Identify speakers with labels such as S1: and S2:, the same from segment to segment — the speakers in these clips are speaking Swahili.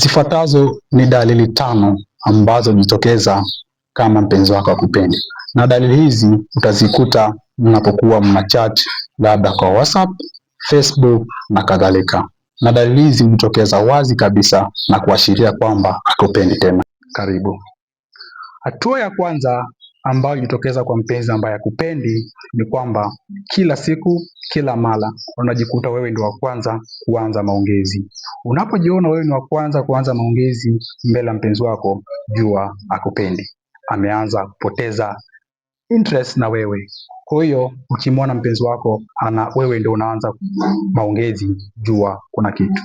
S1: Zifuatazo ni dalili tano ambazo hujitokeza kama mpenzi wako akupendi na dalili hizi utazikuta mnapokuwa mna chat, labda kwa WhatsApp, Facebook na kadhalika, na dalili hizi hujitokeza wazi kabisa na kuashiria kwamba akupendi tena. Karibu. Hatua ya kwanza ambayo jitokeza kwa mpenzi ambaye akupendi ni kwamba kila siku, kila mara unajikuta wewe ndio wa kwanza kuanza maongezi. Unapojiona wewe ni wa kwanza kuanza maongezi mbele ya mpenzi wako, jua akupendi, ameanza kupoteza interest na wewe. Kwa hiyo ukimwona mpenzi wako ana wewe ndio unaanza maongezi, jua kuna kitu.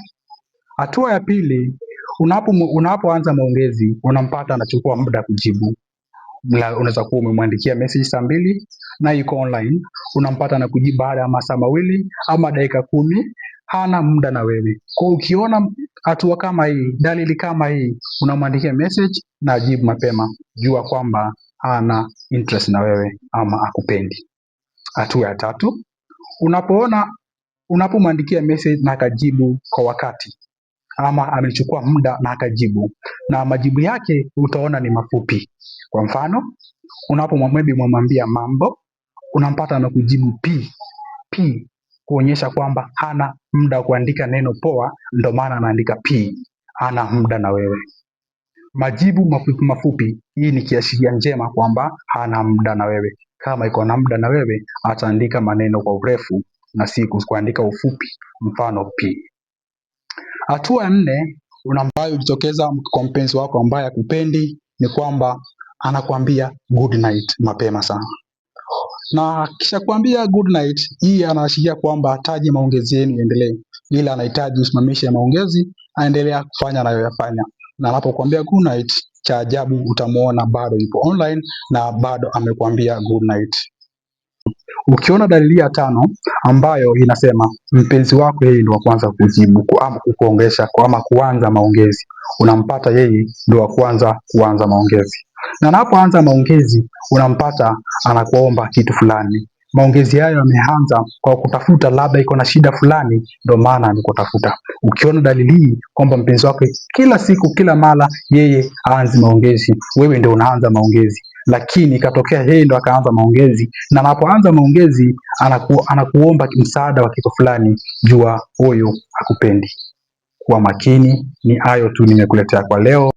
S1: Hatua ya pili, unapo unapoanza maongezi unampata anachukua muda kujibu unaweza kuwa umemwandikia message saa mbili na yuko online, unampata na kujibu baada ya masaa mawili ama dakika kumi. Hana muda na wewe. Kwa ukiona hatua kama hii, dalili kama hii, unamwandikia message na ajibu mapema, jua kwamba hana interest na wewe ama akupendi. Hatua ya tatu, unapoona unapomwandikia message na akajibu kwa wakati, ama amechukua muda na akajibu, na majibu yake utaona ni mafupi. Kwa mfano, unapomwambia mwamwambia mambo, unampata na kujibu p p, kuonyesha kwamba hana muda wa kuandika neno poa, ndo maana anaandika p, hana muda na wewe. Majibu mafupi mafupi, hii ni kiashiria njema kwamba hana muda na wewe. Kama iko na muda na wewe, ataandika maneno kwa urefu na si kuandika ufupi, mfano p. Hatua ya nne ambayo hujitokeza kwa mpenzi wako ambaye akupendi ni kwamba anakuambia good night mapema sana, na kisha kuambia good night hii anaashiria kwamba hataji maongezi yenu endelee, ila anahitaji usimamishe maongezi, aendelea kufanya anayoyafanya. Na anapokuambia good night, cha ajabu utamwona bado yupo online na bado amekuambia good night. Ukiona dalili ya tano ambayo inasema mpenzi wako yeye ndio wa kwanza kujibu ama kukuongesha ama kuanza maongezi, unampata yeye ndio wa kwanza kuanza maongezi, na anapoanza maongezi unampata anakuomba kitu fulani. Maongezi hayo yameanza kwa kutafuta, labda iko na shida fulani, ndio maana amekutafuta. Ukiona dalili hii kwamba mpenzi wako kila siku, kila mara yeye aanzi maongezi, wewe ndio unaanza maongezi, lakini ikatokea yeye ndo akaanza maongezi, na anapoanza maongezi anaku, anakuomba msaada wa kitu fulani, jua huyu hakupendi. Kuwa makini. Ni hayo tu nimekuletea kwa leo.